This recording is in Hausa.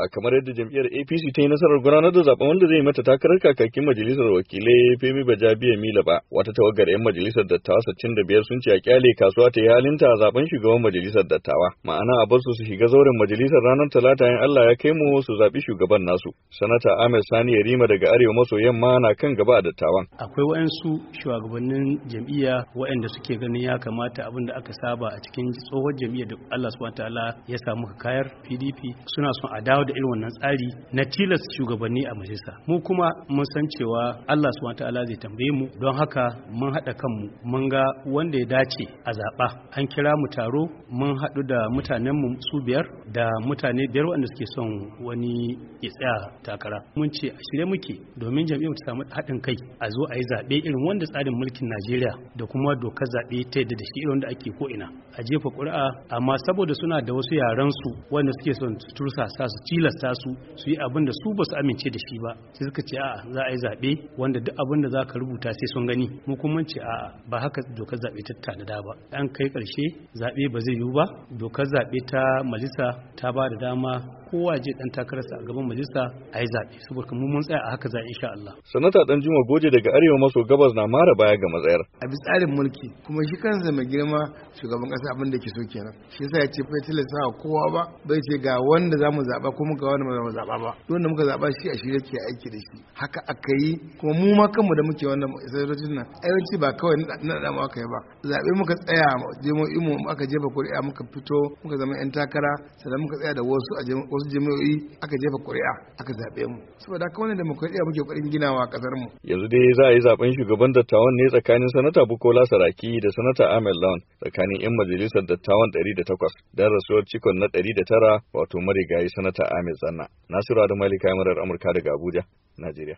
ba kamar yadda jam'iyyar APC ta yi nasarar gudanar da zaben wanda zai mata takarar kakakin majalisar wakilai Femi Bajabiya Mila ba wata tawagar 'yan majalisar dattawa sittin da biyar sun ce a kyale kasuwa ta yi halinta a zaben shugaban majalisar dattawa ma'ana a bar su shiga zauren majalisar ranar talata in Allah ya kai mu su zaɓi shugaban nasu sanata Ahmed Sani Yarima daga arewa maso yamma na kan gaba a dattawan akwai wa'ansu shugabannin jam'iyya waɗanda suke ganin ya kamata abin da aka saba a cikin tsohon jam'iyyar da Allah subhanahu ya samu kayar PDP suna son a dawo da irin wannan tsari na tilas shugabanni a majalisa mu kuma mun san cewa Allah subhanahu ta'ala zai tambaye mu don haka mun haɗa kanmu mun ga wanda ya dace a zaɓa an kira mu taro mun haɗu da mutanen mu su biyar da mutane biyar waɗanda suke son wani ya tsaya takara mun ce a shirye muke domin jami'u ta samu haɗin kai a zo a yi zaɓe irin wanda tsarin mulkin Najeriya da kuma dokar zaɓe ta yadda da shi irin wanda ake ko ina a jefa ƙuri'a amma saboda suna da wasu yaran su wanda suke son su tursa sa su ci tilasta su su yi abin da su ba su amince da shi ba sai suka ce a'a za a yi zaɓe wanda duk abin da za ka rubuta sai sun gani mu kuma ce a'a ba haka dokar zaɓe ta da ba an kai ƙarshe zaɓe ba zai yiwu ba dokar zaɓe ta majalisa ta ba da dama kowa je dan takararsa a gaban majalisa a yi zaɓe saboda mu mun tsaya a haka za insha Allah sanata dan juma goje daga arewa maso gabas na mara baya ga matsayar a bi tsarin mulki kuma shi kansa mai girma shugaban kasa abin da ke so kenan shi yasa ya ce bai tilasta kowa ba bai ce ga wanda za mu zaɓa kuma ga wanda ba mu zaɓa ba wanda muka zaɓa shi a shirye ke aiki da shi haka aka yi kuma mu ma kanmu da muke wannan sojojin nan yawanci ba kawai na da mu aka yi ba zaɓe muka tsaya je mu aka jefa kuri'a muka fito muka zama yan takara sannan muka tsaya da wasu a wasu jami'o'i aka jefa ƙuri'a aka zaɓe mu saboda haka wannan demokradiyya muke ƙoƙarin ginawa ƙasar mu yanzu dai za a yi zaɓen shugaban dattawan ne tsakanin sanata Bukola Saraki da sanata Ahmed Lawan tsakanin yan majalisar dattawan Ɗari da Takwas, dan rasuwar cikon na Ɗari da Tara wato marigayi sanata Ahmed Zanna Nasiru Adamu kamarar Amurka daga Abuja Najeriya